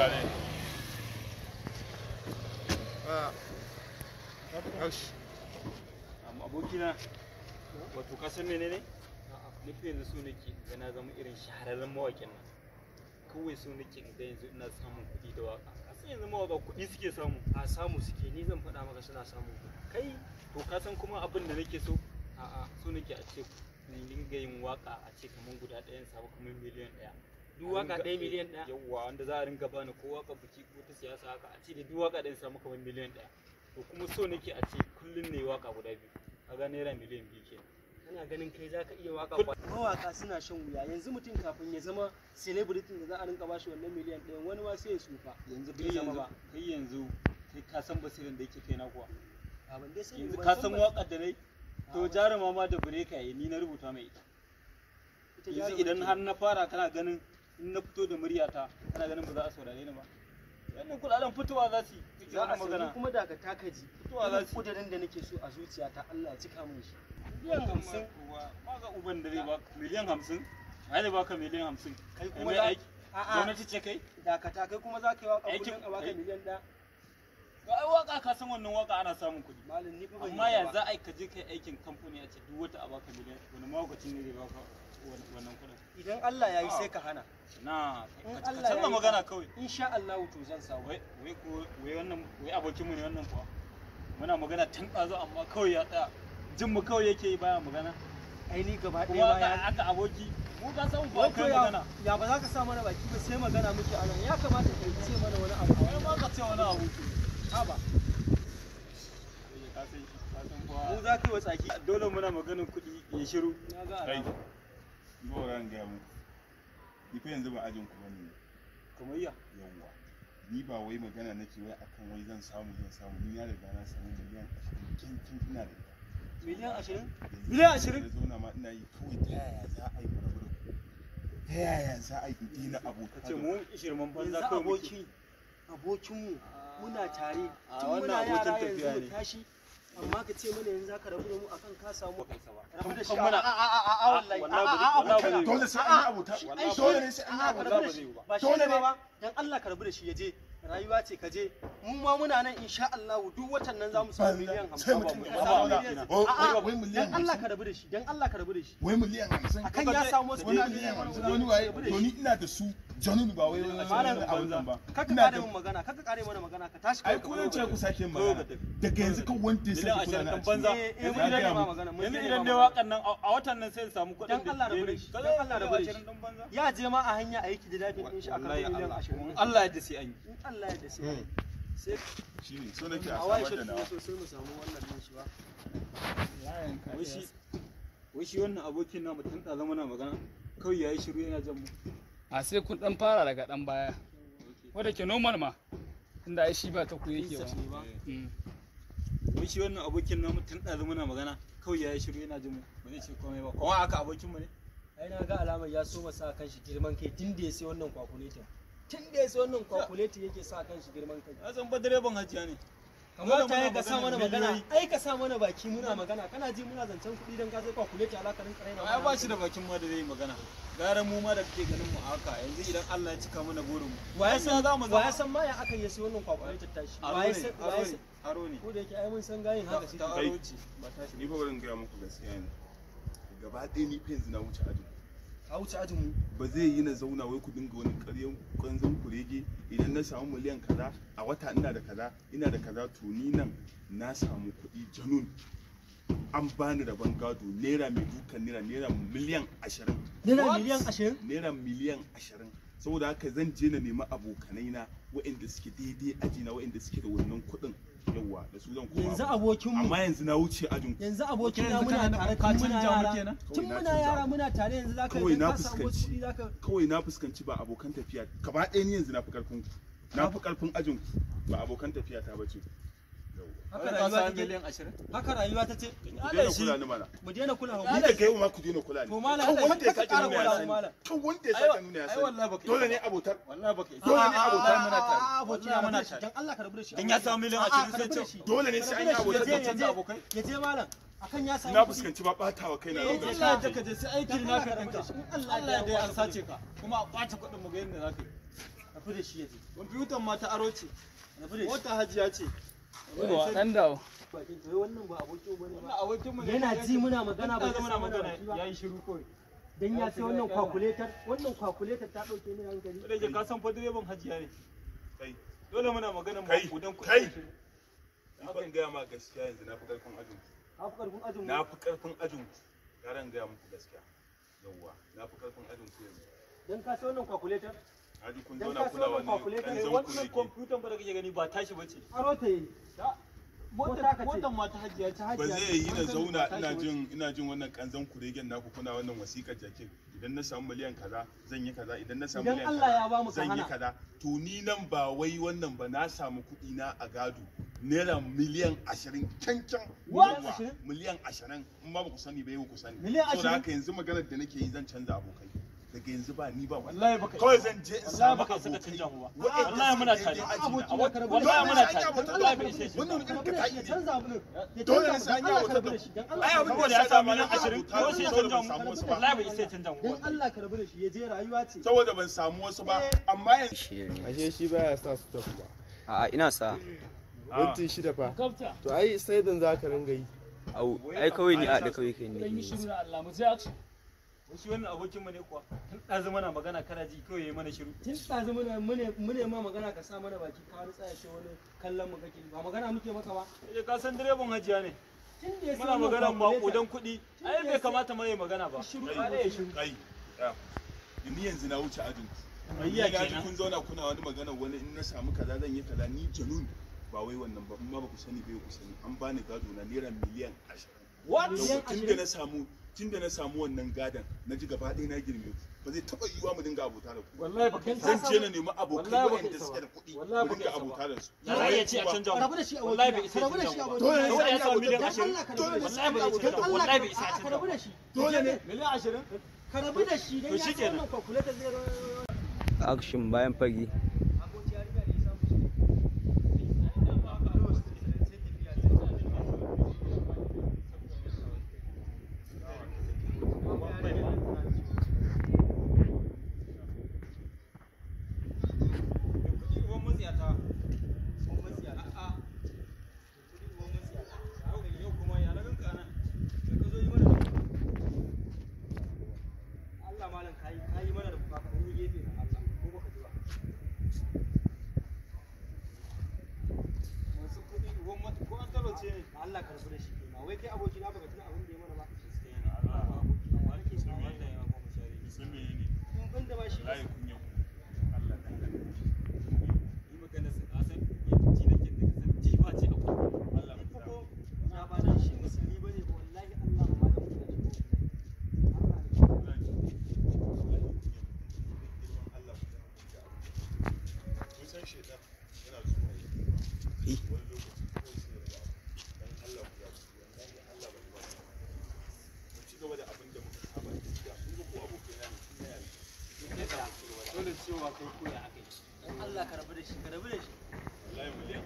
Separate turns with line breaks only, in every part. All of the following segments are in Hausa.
mutane
ah.
abokina wato kasan mene ne nufi yanzu su nake ga na zama irin shahararren mawakin nan kawai su nake ga yanzu ina samun kuɗi da waka kasan yanzu mawaka kuɗi suke samu a samu suke ni zan faɗa maka suna samun kai to kasan kuma abin da nake so a'a su nake a ce ni dinga yin waka a ce kamar guda ɗayan samu kamar miliyan ɗaya
duwaka ɗaya miliyan ɗaya
yawwa wanda za a ringa bani ko waka biki ko ta siyasa haka a ce da duwaka ɗaya samu kamar miliyan ɗaya to kuma so nake a ce kullum ne waka guda biyu a ga naira miliyan biyu kenan ana ganin kai ka iya waka mawaka suna shan wuya yanzu mutum kafin ya zama celebrity da za a rinka bashi wannan miliyan ɗaya wani ma sai ya tsufa yanzu kai yanzu kai yanzu kai ka san basirin da yake na kuwa yanzu ka san waka da nai to jarumawa ma da bureka yi ni na rubuta mai ita yanzu idan har na fara kana ganin in na fito da muryata kana ganin ba za a saurare ni ba yannan kudaden fitowa za su yi za a magana kuma da daga takaji fitowa za su kudirin da nake so a zuciyata Allah ya cika min shi miliyan hamsin ba ga uban da zai baka miliyan hamsin ai zai baka miliyan hamsin kai kuma da aiki gwamnati ce kai da ka dakata kai kuma za ka yi waka kudin a baka miliyan da to ai waka ka san wannan waka ana samun kudi malam ni fa amma ya za a ka je kai aikin kamfani a ce duk wata a baka miliyan wani mawakacin ne zai baka wannan kuɗin idan Allah ya yi sai ka hana na ka canza magana kawai insha Allah to zan sa wai wai ko wai wannan wai abokin mu ne wannan kuwa muna magana tun ɗazu amma kawai ya tsaya jin mu kawai yake yi baya magana ai ni gaba ɗaya baya aka aboki
mu ka san ba kai magana
ya ba za ka sa mana baki ba sai magana muke a nan ya kamata ka ce mana wani abu wai ma ka ce wani abu ha ba mu za ka yi wa tsaki dole muna maganin kuɗi ya shiru ga ba
ran muku yanzu ba ajin ku
bane
ni ba wai magana nake wai akan wai zan samu zan samu ni riga na samu miliyan 20 kin kin ina da ita
miliyan 20 miliyan
20 yanzu na ma ina yi kawai ta yaya za a yi mu ta yaya za a yi mu 20 banza kawai aboki
abokin mu muna tare tun muna yara yanzu mu tashi amma ka ce mana yanzu zaka rabu da mu akan ka samu rabu da shi a a wallahi a a dole sai an abuta dole ne sai an abuta ba dole ne ba dan Allah ka rabu da shi yaje rayuwa ce ka je mu ma muna nan insha Allah duk watan nan za samu miliyan 50 ba mu
samu miliyan 50 Allah ka
rabu da shi dan Allah ka rabu da shi wai miliyan 50 akan ya samu wani wani waye to ni
ina da su Janun ba wai da ba. Kaka kare mun
magana, kaka kare mana magana, ka
tashi kai. Ai ko yace ku sake magana. Daga yanzu kan wanda Banza. Eh, idan magana. idan wakan
nan a watan nan sai samu kuɗin. da bari. Dan Allah Ya je ma a hanya aiki da din shi akan miliyan 20. Allah ya da Allah ya hmm. Sai shi ne so nake a da wannan shi ba. Wai wannan abokin namu tun da na magana. Kawai yayi shiru yana jan
a sai kun dan fara daga dan baya wadda ke normal ma
inda ai shi ba ta ku yake mm. ba mun shi wannan abokin namu tun ɗazu muna magana kawai ya yi shiru yana jin mu ba zai ce komai ba kuma aka abokin mu ne ai na ga alamar ya so masa sa kan shi girman kai tun da ya sai wannan kwakuletin tun da ya sai wannan kwakuletin yake sa kan shi girman kai azan ba direban hajiya ne kamata ya ka sa mana magana ai ka sa mana baki muna magana kana ji muna zancen kuɗi don ka zai ka kule ki alakarin karai na ai ba shi da bakin ma da zai magana gara mu ma da kake ganin mu haka yanzu idan Allah ya cika mana burin mu wa ya san za mu wa ya san ma ya aka yi wannan wa ya san wa ya san aro ne ko da yake ai mun san gayin haka shi ta
ni ga muku gaskiya ne gaba ɗaya ni fa yanzu na wuce aji ka wuce ajinmu ba zai yi na zauna wai ku dinga wani ƙaryan kwanzon kurege idan na samu miliyan kaza a wata ina da kaza ina da kaza to ni nan na samu kuɗi janun an bani rabon gado naira mai dukan naira naira miliyan ashirin naira miliyan ashirin naira miliyan ashirin saboda haka zan je na nemi abokanai na waɗanda suke daidai aji na waɗanda suke da wannan kuɗin yawwa da su zan koma yanzu abokin mu amma yanzu na wuce ajin yanzu abokin na muna tare ka muna yara tun muna yara
muna tare yanzu zaka kawai na fuskanci
kawai na fuskanci ba abokan tafiya gaba ɗaya ni yanzu na fi karfin na fi karfin ajin ba abokan tafiya ta bace
haka rayuwa ta haka rayuwa ce Allah shi mu daina kula hawa ni da
kai ma ku daina kula ni
to Allah wanda ya saka nuna ya sani to wanda ya saka nuna ya sani dole ne ah, abotar ah, wallahi baka dole ne abotar muna muna dan Allah ka shi dan ya samu miliyan ah, sai ce dole ne sai an yi abotar da canza abokai ya je akan ya samu na fuskanci ba
batawa kai na Allah je sai danka Allah
ya dai an sace ka kuma a kwace kudin mu ga yadda zaka yi tafi da shi yaje kwamfutan ma ta aro ce tafi da shi wata hajiya ce Yawa dawo. Wannan ba abokin ba. abokin mu ne. Yana ji muna magana ba muna magana yayi shiru kawai. Dan ya sai wannan calculator, wannan calculator ta dauke ni hankali. Dole ka san fa direban hajiya ne. Kai. Dole muna magana mu Kai.
Ban ga ma gaskiya yanzu na fi karfin ajin. Na fi karfin ajin. Na fi karfin ajin. Garan ga muku gaskiya. Yawwa, na fi karfin
ajin yanzu. Dan ka sai wannan calculator? Hadi kun ba da zai yi na zauna ina jin
ina jin wannan kanzan kuregen naku kuna wannan wasikar jakin. Idan na samu miliyan kaza zan yi kaza idan na samu miliyan kaza zan yi kaza. To ni nan ba wai wannan ba na samu kuɗi na a gado. naira miliyan ashirin cancan miliyan ashirin in ba ku sani ba yau ku sani. haka yanzu maganar da nake yi zan canza abokai. daga yanzu ba ni ba wallahi baka kawai zan je in samu baka saka canja mu wallahi muna tare wallahi muna tare wallahi bai sai wannan mutum ka kai
canza mu dole ne sai ya wuta ai abin da ya sa miliyan 20 ko sai canja mu wallahi bai sai canja mu dan Allah
ka rabu da shi ya je rayuwa ce saboda ban samu wasu ba eh. amma yanzu ashe shi
baya sa su tafi ba a'a ina sa ah. minti shida fa to ai sai dan zaka ringa yi au ai kawai ni a da kawai kai ne shi wannan abokin mu ne kuwa tun ɗazu mana magana kana ji kawai yayi mana shiru tun ɗazu mana mune mune ma magana ka sa mana baki ka wani tsaya shi wani kallon mu kake ba magana muke maka ba eh ka san direban hajiya ne muna magana ba kudan kuɗi ai bai kamata mai magana ba shiru kai
ni yanzu na wuce ajin ayya kenan kun zauna kuna wani magana wani in na samu kaza zan yi kaza ni janun ba wai wannan ba in ma ba ku sani bai ku sani an bani gado na naira miliyan
20 what tun da na
samu tun da na samu wannan gadon na ji gaba ɗaya na girme ku ba zai taɓa yiwuwa mu dinga abota da ku wallahi bakin zan na nemi abokai waɗanda suke da kuɗi mu dinga abota da su ya ya ce a canja rabu da shi wallahi bai isa rabu da shi a ne sai ya samu miliyan wallahi bai
isa wallahi bai isa a rabu da shi dole ne miliyan 20 ka da shi dan ya zai
action bayan fagi
dawowa kai koya a kai Allah ka rabu da shi ka rabu da shi ta abin da da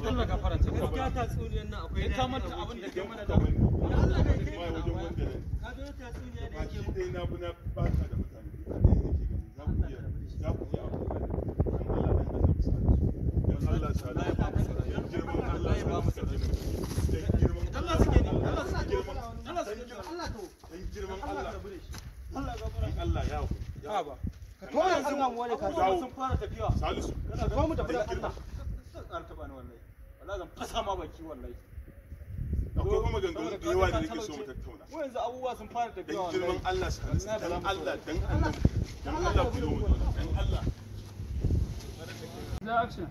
Allah ka ta nan ka zo ta ke mu
zo mu tafi da Allah an taba ni wallahi wallahi zan fasa ma baki wallahi akwai kuma ganganu da yawa da nake so mu tattauna mu abubuwa
sun fara tafiya wallahi girman Allah su dan Allah dan Allah dan Allah ku zo dan Allah da action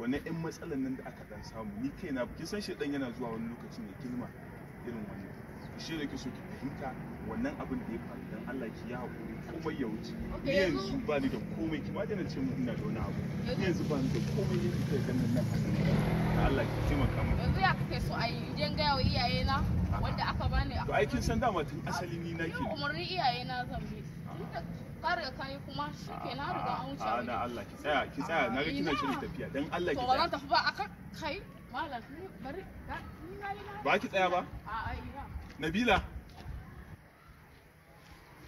wannan yan matsalan nan da aka dan samu ni kai na kin san shi dan yana zuwa wani lokaci ne girma irin wannan shi da ke so ki fahimta wannan abin da ya faru Allah ki ya hakuri komai ya wuce ni yanzu ba ni da komai ki ma dana ce mu ina da wani abu ni yanzu ba ni da komai ne ki kai ganin nan hakan Allah ki taimaka mu yanzu
ya kake so a yi idan ga yawa iyaye na wanda aka bani to ai
kin san dama tun asali ni nake ni
umarni iyaye na zan bi ka kai kuma shike na riga an wuce ah, ah, ah, a na
Allah ki tsaya ki tsaya na ga kina shirin tafiya dan Allah ki to ba
tafi ba aka kai malam bari ba ki tsaya ba a'a Nabila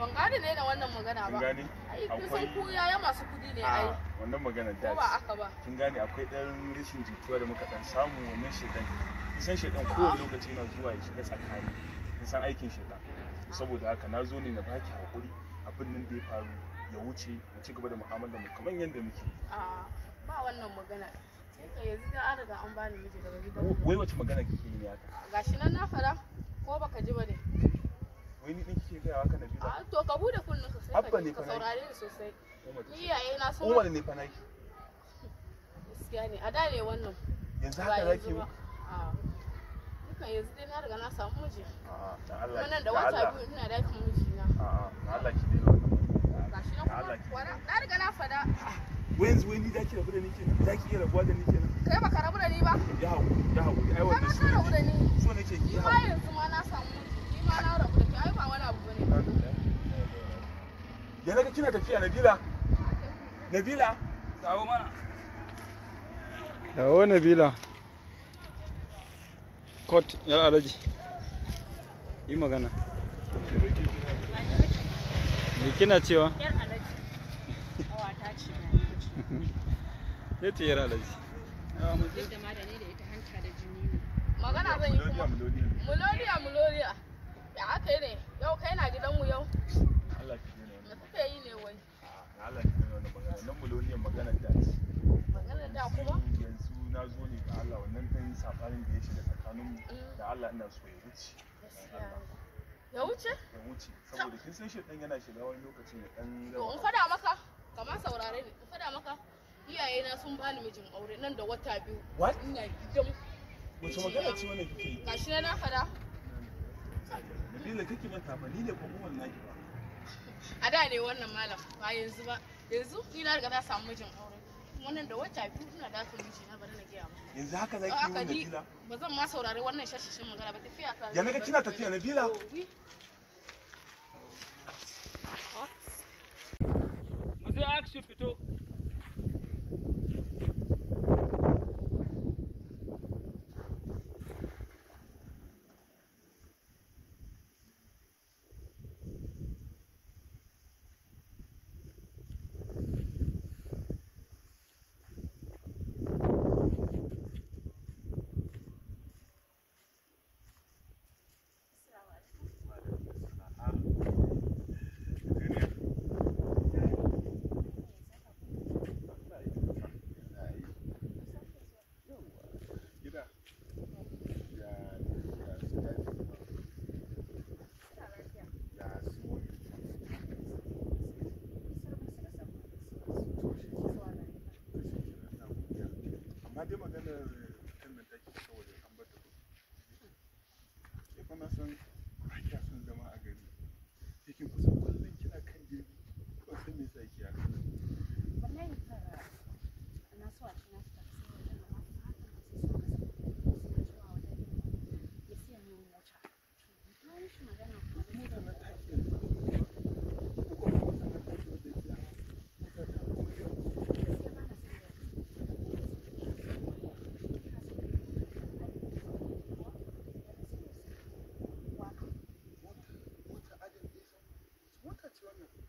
ban gane ne da wannan magana ba gane akwai ku yaya masu kudi ne ah, ai
wannan magana ta ba aka ba kin gane akwai dan rashin jituwa da muka dan samu wannan shedan kisan shedan kowane lokaci na zuwa ya shiga tsakani kisan aikin shedan saboda haka na zo ne na baki haƙuri abin nan da ya faru ya wuce mu ci gaba da mu'amala mu kamar yadda muke
a ah, ba wannan magana yanzu da an riga an bani miji daga gidan
wai wace magana kike yi ne haka
gashi nan na fara ko baka ji ba ne
wai ni din kike ah,
to ka bude ka sai abba ne fa saurare ni sosai
na so Umar ne fa naki
gaskiya ne a da ne wannan yanzu haka ah. yanzu dai na riga na samu miji ah, da wata biyu ina dakin mijina a'a
Allah ki dai wannan
gashi na kuma na riga na fada
wayanzu wai ni zaki rabu da ni kenan zaki iya rabuwa da ni kenan
kai baka rabu da ni ba
ya hawo ya hawo ai wannan shi ne so nake ki yanzu
ma na samu
ya naga kina tafiya nabila nabila dawo mana
dawo nabila kot ya alaji yi magana me kina cewa
yar alaji awata ce
Ne yi ce yar alaji
magana zan yi kuma muloriya muloriya aka yi ne yau kai na gidan mu yau Allah ki ne wannan kuke yi ne wai
ah, Allah ki ne wannan magana nan muloniyan magana da ce
magana da kuma
yanzu na zo ne ga Allah wannan yi safarin da ya shiga tsakaninmu mm. da Allah ina so ya wuce ya wuce ya wuce saboda kin san shi dan yana shiga wani lokaci, ya dan to in fada
maka kamar saurare ne in fada maka iyayena sun bani mijin aure nan da wata biyu ina gidan
wace magana ce wannan kike yi
gashi na na fada
Fadila kake manta ba ni ne ko uwan naki ba.
A da ne wannan malam ba yanzu ba. Yanzu ni na riga na samu mijin aure. Wannan da wata biyu ina da kan miji na bari na gaya maka.
Yanzu haka zaki yi na Nabila.
Ba zan ma saurari wannan shashashin magana ba tafiya ta. Ya naga kina tafiya Nabila.
Mu sai action fito.
that's wonderful.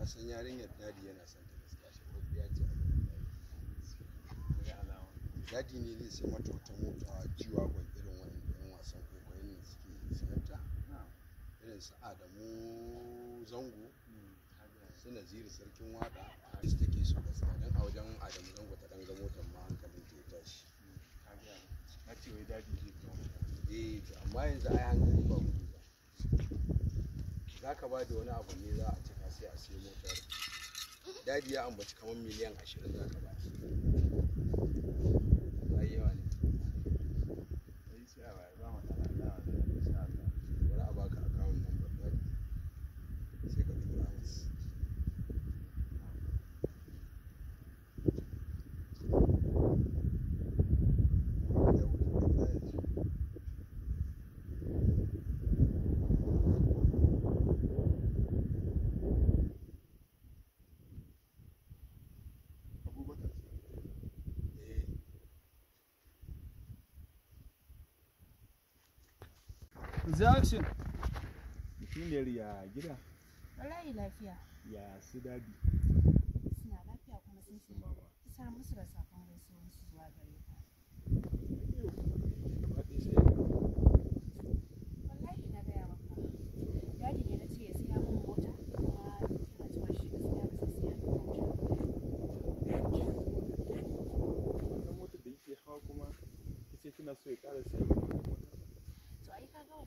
na san yarinyar dadi yana son ta gaskiya shi ko ya ce dadi ne zai sai mata wata mota jiwa gwan irin wani yan wasan kwaikwayon ne suke sanarta irin su adamu zango mm, su naziru sarkin waka su take so gaskiya don a wajen adamu zango ta dan ga motar ma hankalin ta ya tashi mm, na ce dadi zai eh amma yanzu ai hankali ba ba za ka ba da wani abu ne za a cika sai a siyo motar dadi ya ambaci kamar miliyan ashirin za ka ba
Jackson. ya gida? Wallahi lafiya. Ya su dadi. Suna lafiya kuma sun musu da su zuwa gare ka. na ya kuma kace kina so ya
To ai ka ga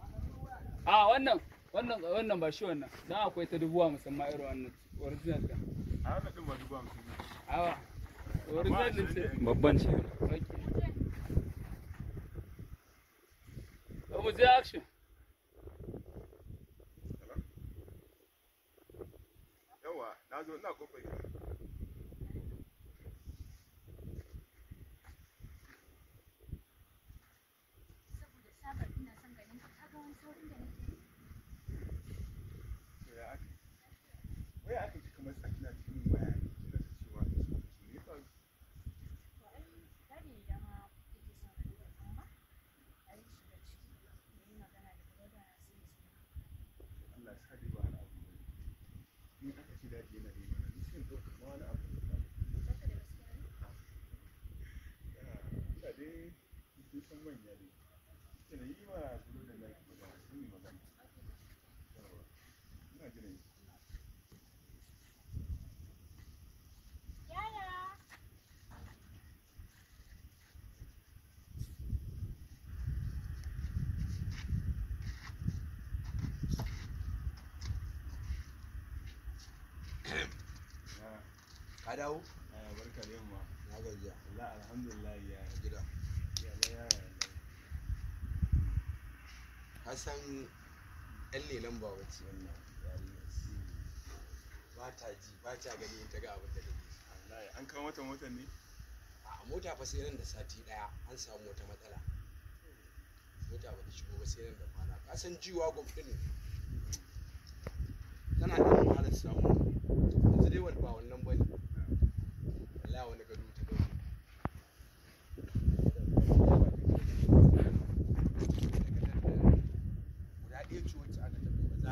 a wannan wannan wannan ba shi wannan dan akwai ta dubuwa musamman irin wannan original din
a wannan din ba dubuwa musamman
awa original din ce babban ce okay mu je action
jin to kuma wani abu ina ka dawo eh, barka da yamma na gajiya Allah alhamdulillah
ya gida ya ɗan lelan ba wacce wannan ba ta ji ba ta gani ta ga abin da take an kawo mata ne a mota fa sai da sati daya an samu wata matsala mota ba ta shigo ba sai nan da kwana ka san jiwa ne tana da wahalar samu yanzu dai wani ba wannan bane na wani gado ta dauke guda ɗaya ce wacce aka tafi ba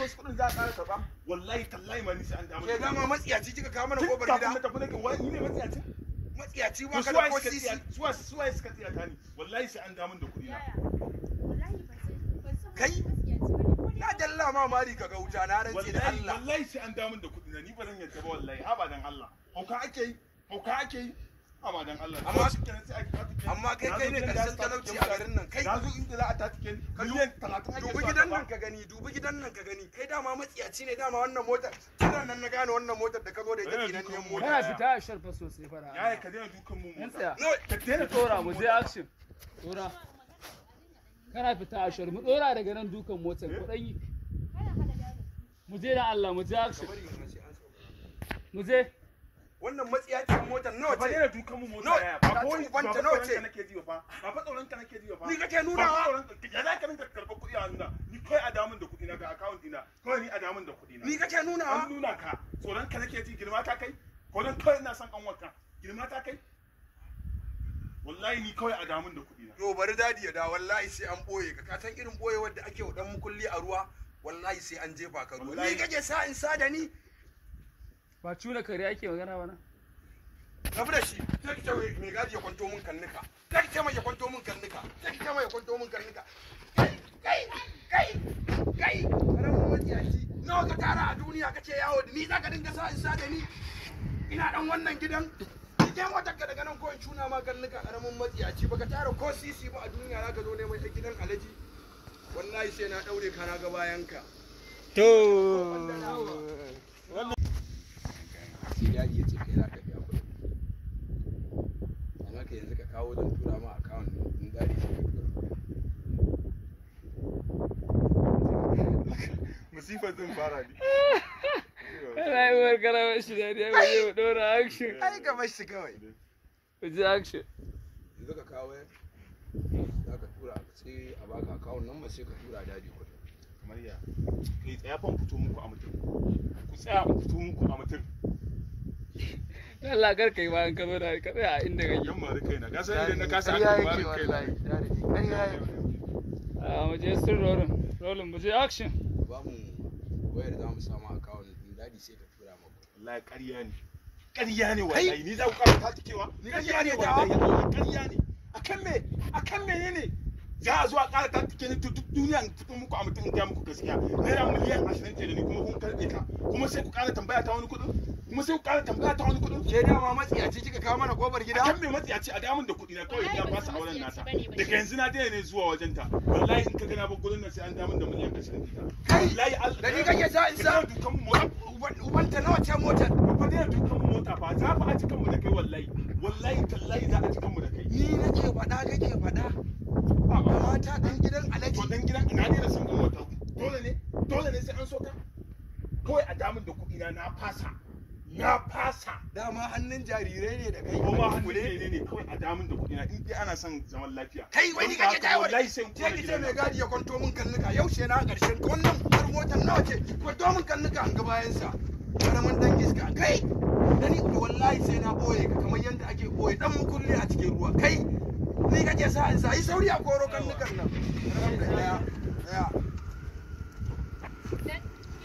an zo kudin za a ƙara karɓa wallahi tallahi ma an Ke dama matsiyaci kika kawo mana gobar gida. tafi ne matsiyaci. Matsiyaci ba ko sisi. Suwa suwa suka ni wallahi sai an da kuɗi na. Kai na dalla ma mari ka ga wuta na rantse da Allah. Wallahi sai an da na ni ba zan yarda ba wallahi Allah. Hauka ake yi hauka ake yi amma kai kai ne karshen talauci a
garin nan kai a dubi gidan nan ka gani dubi gidan nan ka gani kai dama matsiyaci ne dama wannan motar tana nan na gane wannan motar da ka zo da ita gidan ne motar kana fita
a sharfa sosai fara yaya ka daina dukan mu mota ka daina tora mu je action tora kana fita a mu dora daga nan dukan motar kuɗai mu je da Allah mu je action mu je wannan matsiya ce mota nawa ce da dukan mu mota ya ba ko wanda nawa ce nake
ji ba ba fa tsoron ka nake ji ba ni kake nuna wa ya za ka rinka karɓar kuɗi a hannuna ni kai a damun da kuɗi na ga account dina kai ni a damun da kuɗi na ni kake nuna wa an nuna ka tsoron ka nake ji girma ta kai ko dan kai ina son kanwar ka girma ta kai wallahi ni kawai a damun da kuɗi
na yo bari dadi ya da wallahi sai an boye ka ka san irin boyewar da ake wa dan mukulli a ruwa wallahi sai an jefa ka ruwa ni kake sa in sa da ni ba cuna kare ake magana ba na rabu da shi sai ta mai gaji ya kwanto mun kannuka sai ta mai ya kwanto mun kannuka sai ta mai ya kwanto mun kannuka kai kai kai kai karamin majiyaci nawa ka tara a duniya kace yawo da ni za ka dinga sa in sa da ni ina dan wannan gidan idan wata ka daga nan ko in cuna ma kannuka karamin ci, baka tara ko sisi ba a duniya za ka zo mai ta gidan alaji wallahi sai na daure ka na ga bayanka to wannan ce daji ya ce kai za ka biya kuɗin don haka yanzu ka kawo zan tura ma akawun in daji sai ka tura
musifa zan fara ne rayuwar karamar shi da ya waje mu ɗora
action ai ka bar shi kawai ku ji action yanzu ka kawo ya za ka tura sai a baka akawun nan ba sai ka tura daji kuɗin kamar ya
kai tsaya fan fito muku a mutum ku tsaya fito muku a mutum Allah kar kai bayan ka zo da inda yan ka san idan na
a mu je sun rolin rolin mu action ba mu wayar mu samu din sai ka tura ƙarya ne ƙarya ne wallahi ni za ku karanta ta ƙarya ne wallahi
ƙarya ne me za a zo a ƙara ta tike ni duk duniya in muku a mutum in muku gaskiya naira miliyan ashirin ce da ni kuma kun karɓe ta kuma sai ku ƙara tambaya ta wani kuɗin kuma sai ku ƙara tambaya ta wani kuɗin ke dama matsiyaci kika kawo mana kofar gida kan mai matsiyaci a damun da kuɗi na kawai ya fasa auren nasa daga yanzu na daina ne zuwa wajen ta wallahi in ka gana ba gurin nan sai an damun da miliyan ashirin kai wallahi
Allah da ni kake za in sa dukan mota uban ta nawa ce motar ba fa daina dukan mota fa za fa a cikin mu da kai wallahi wallahi tallahi za a cikin mu da kai ni nake faɗa kake faɗa
mata dan gidan alaji to dan gidan ina ne da sun mota dole ne dole ne sai an so ta kawai a damun da kuɗi na na fasa na fasa dama hannun jarirai ne da kai kuma hannun jarirai ne kawai a damun da kudi na in dai ana son zaman lafiya
kai wai wani kake jawo wallahi sai kuma kike mai gadi ya kwanto min kalluka she na karshen wannan kudar motar nawa ce kwanto min kalluka an ga bayan sa karamin dan giska kai dani wallahi sai na boye ka kamar yanda ake boye dan mukulle a cikin ruwa kai ni kake sa in sa yi sauri a koro kallukan nan ya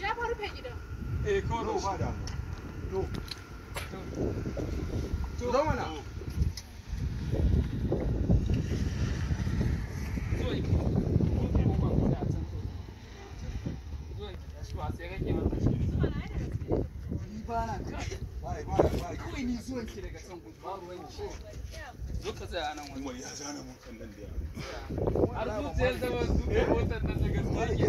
ya faru fa gidan
eh koro ba damu zo mana kawai
wani ka tsaya nan wani ya zana mun kan nan da ya har zuciyar zama zuwa motar nan daga zuwa ke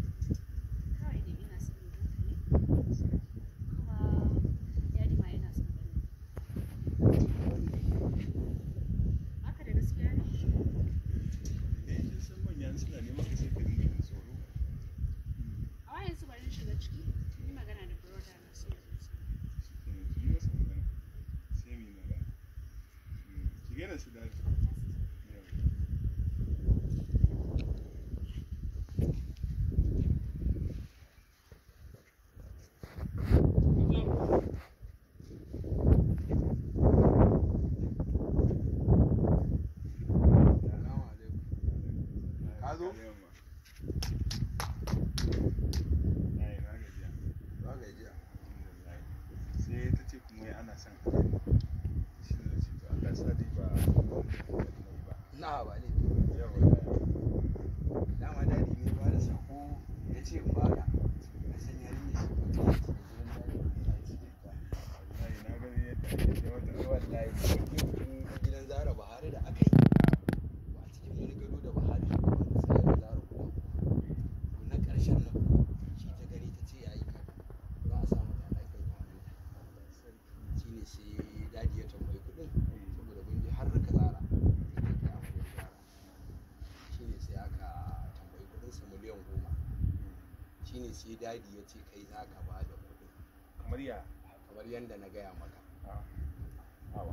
tienes,
sai dadi ya ce kai za ka ba da kamar ya kamar yadda na gaya maka ne
ah,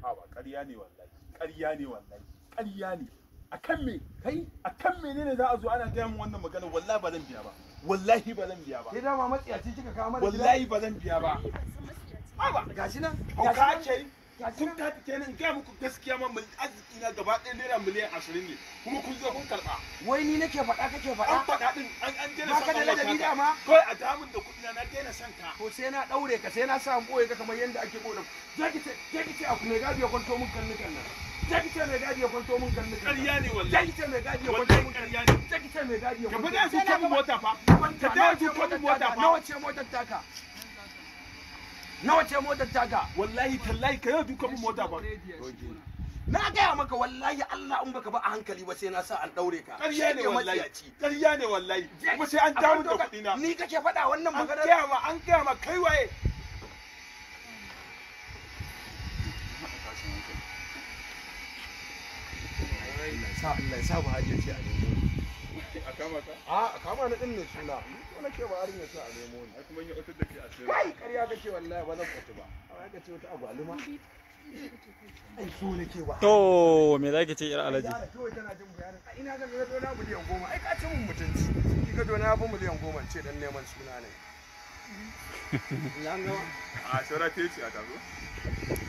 wallahi karya ne wallahi ƙarya
ne me
kai akan menene za a zo ana gaya min wannan magana wallahi ba zan biya ba wallahi ba zan biya ba dama matsiyaci kika kawo mana wallahi ba zan biya ba haba gashi nan kun ta kenan ga muku gaskiya ma mai arziki na gaba ɗaya naira miliyan ashirin ne kuma
kun zo kun karɓa wai ni nake faɗa kake faɗa an faɗa din an an daina san Allah ka da ma kai a damun da kuɗi na daina san ka to sai na daure ka sai na sa an ka kamar yanda ake boye zaki ce zaki ce aku mai gadi ya kwanto mun kan nukan nan zaki ce mai gadi ya kwanto mun kan nukan
ƙarya ne wallahi zaki
ce mai gadi ya kwanto min ƙarya ne zaki ce mai gadi ya kwanto mun kan nukan ka fada su kan mota fa ka dawo su kan mota fa nawa ce motar taka nawa ce motar taka wallahi tallahi ka yau duka mun mota ba na gaya maka wallahi Allah in baka ba a hankali ba sai na sa an daure ka ƙarya ne wallahi ƙarya ne wallahi kuma sai an damu da kuɗi na ni kake faɗa wannan magana an gaya ma an gaya ma kai waye sa Allah ya sa ba hajjaci a ne kama ka? A kama na din ne suna. Ko nake ba arin ya a nemo ni. kuma in ya otar da ke a cikin. Kai kariya kake wallahi ba zan kwatu ba. Ai ka ce wata agwaluma. Ai so na ba.
To me zaki ce ir alaji?
To tana jin bayanin. Ina ga ga dona miliyan goma. Ai ka ci mun mutunci. Ki ga dona ba miliyan goma ce dan neman suna ne. Ina ga. A shora ce a zo.